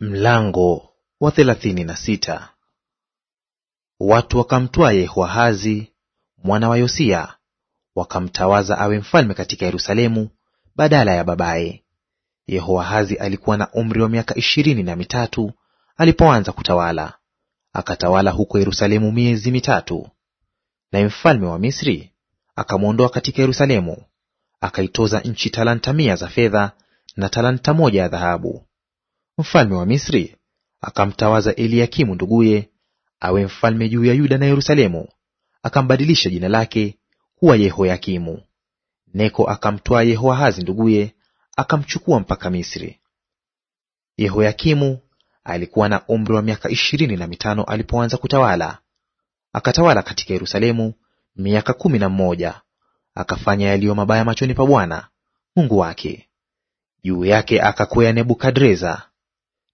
Mlango wa thelathini na sita. Watu wakamtwaa Yehoahazi mwana wa Yosia wakamtawaza awe mfalme katika Yerusalemu badala ya babaye. Yehoahazi alikuwa na umri wa miaka ishirini na mitatu alipoanza kutawala, akatawala huko Yerusalemu miezi mitatu. Naye mfalme wa Misri akamwondoa katika Yerusalemu, akaitoza nchi talanta mia za fedha na talanta moja ya dhahabu mfalme wa Misri akamtawaza Eliakimu nduguye awe mfalme juu ya Yuda na Yerusalemu, akambadilisha jina lake kuwa Yehoyakimu. Neko akamtwaa Yehoahazi nduguye akamchukua mpaka Misri. Yehoyakimu alikuwa na umri wa miaka ishirini na mitano alipoanza kutawala, akatawala katika Yerusalemu miaka kumi na mmoja. Akafanya yaliyo mabaya machoni pa Bwana Mungu wake. Juu yake akakwea Nebukadreza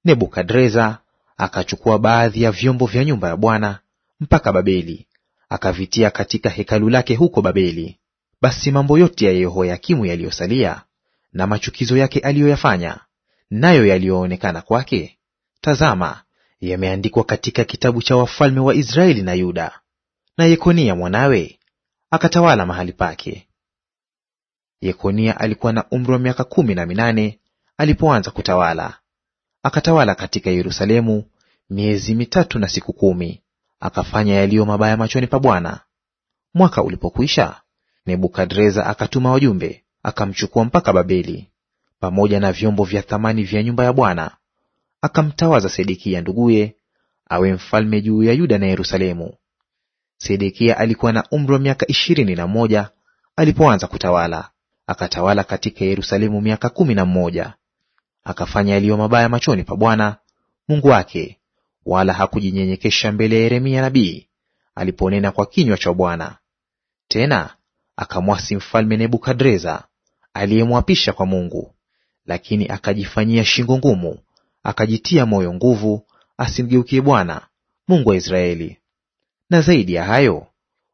Nebukadreza akachukua baadhi ya vyombo vya nyumba ya Bwana mpaka Babeli, akavitia katika hekalu lake huko Babeli. Basi mambo yote ya Yehoyakimu yaliyosalia na machukizo yake aliyoyafanya, nayo yaliyoonekana kwake, tazama, yameandikwa katika kitabu cha wafalme wa Israeli na Yuda. Na Yekonia mwanawe akatawala mahali pake. Yekonia alikuwa na umri wa miaka kumi na minane alipoanza kutawala, Akatawala katika Yerusalemu miezi mitatu na siku kumi, akafanya yaliyo mabaya machoni pa Bwana. Mwaka ulipokwisha, Nebukadreza akatuma wajumbe, akamchukua mpaka Babeli pamoja na vyombo vya thamani vya nyumba ya Bwana, akamtawaza Sedekia nduguye awe mfalme juu ya Yuda na Yerusalemu. Sedekia alikuwa na umri wa miaka ishirini na moja alipoanza kutawala, akatawala katika Yerusalemu miaka kumi na mmoja akafanya yaliyo mabaya machoni pa Bwana Mungu wake, wala hakujinyenyekesha mbele ya Yeremia nabii aliponena kwa kinywa cha Bwana. Tena akamwasi mfalme Nebukadreza aliyemwapisha kwa Mungu, lakini akajifanyia shingo ngumu, akajitia moyo nguvu, asimgeukie Bwana Mungu wa Israeli. Na zaidi ya hayo,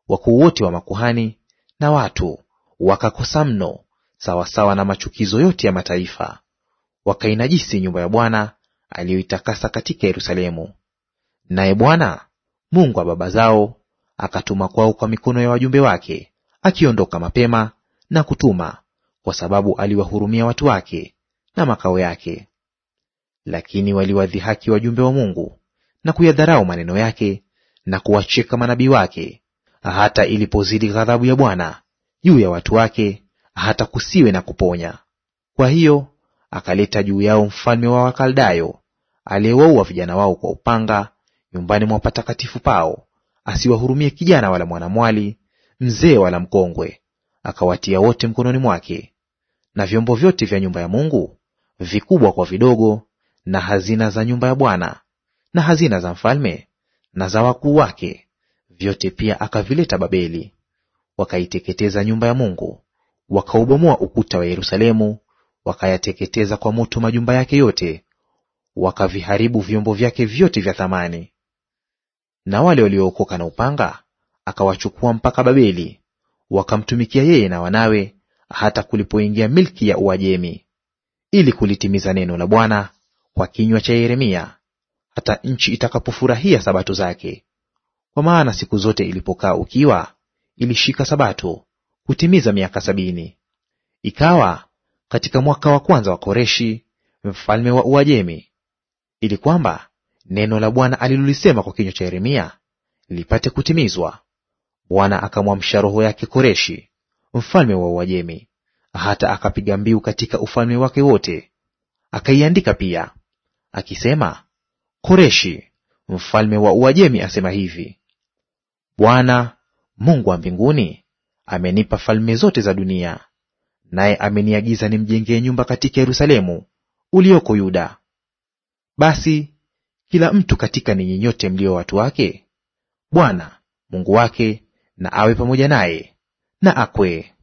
wakuu wote wa makuhani na watu wakakosa mno, sawasawa na machukizo yote ya mataifa wakainajisi nyumba ya Bwana aliyoitakasa katika Yerusalemu. Naye Bwana Mungu wa baba zao akatuma kwao kwa mikono ya wajumbe wake, akiondoka mapema na kutuma, kwa sababu aliwahurumia watu wake na makao yake. Lakini waliwadhihaki wajumbe wa Mungu na kuyadharau maneno yake na kuwacheka manabii wake, hata ilipozidi ghadhabu ya Bwana juu ya watu wake, hata kusiwe na kuponya. Kwa hiyo akaleta juu yao mfalme wa Wakaldayo aliyewaua vijana wao kwa upanga nyumbani mwa patakatifu pao, asiwahurumie kijana wala mwanamwali, mzee wala mkongwe, akawatia wote mkononi mwake. Na vyombo vyote vya nyumba ya Mungu, vikubwa kwa vidogo, na hazina za nyumba ya Bwana na hazina za mfalme na za wakuu wake, vyote pia akavileta Babeli. Wakaiteketeza nyumba ya Mungu, wakaubomoa ukuta wa Yerusalemu wakayateketeza kwa moto majumba yake yote, wakaviharibu vyombo vyake vyote vya thamani. Na wale waliookoka na upanga akawachukua mpaka Babeli, wakamtumikia yeye na wanawe, hata kulipoingia milki ya Uajemi, ili kulitimiza neno la Bwana kwa kinywa cha Yeremia, hata nchi itakapofurahia sabato zake. Kwa maana siku zote ilipokaa ukiwa, ilishika sabato kutimiza miaka sabini. Ikawa katika mwaka wa kwanza wa Koreshi mfalme wa Uajemi, ili kwamba neno la Bwana alilolisema kwa kinywa cha Yeremia lipate kutimizwa. Bwana akamwamsha roho yake Koreshi mfalme wa Uajemi, hata akapiga mbiu katika ufalme wake wote, akaiandika pia akisema, Koreshi mfalme wa Uajemi asema hivi, Bwana Mungu wa mbinguni amenipa falme zote za dunia naye ameniagiza nimjengee nyumba katika Yerusalemu ulioko Yuda. Basi kila mtu katika ninyi nyote mlio watu wake, Bwana Mungu wake na awe pamoja naye na akwe.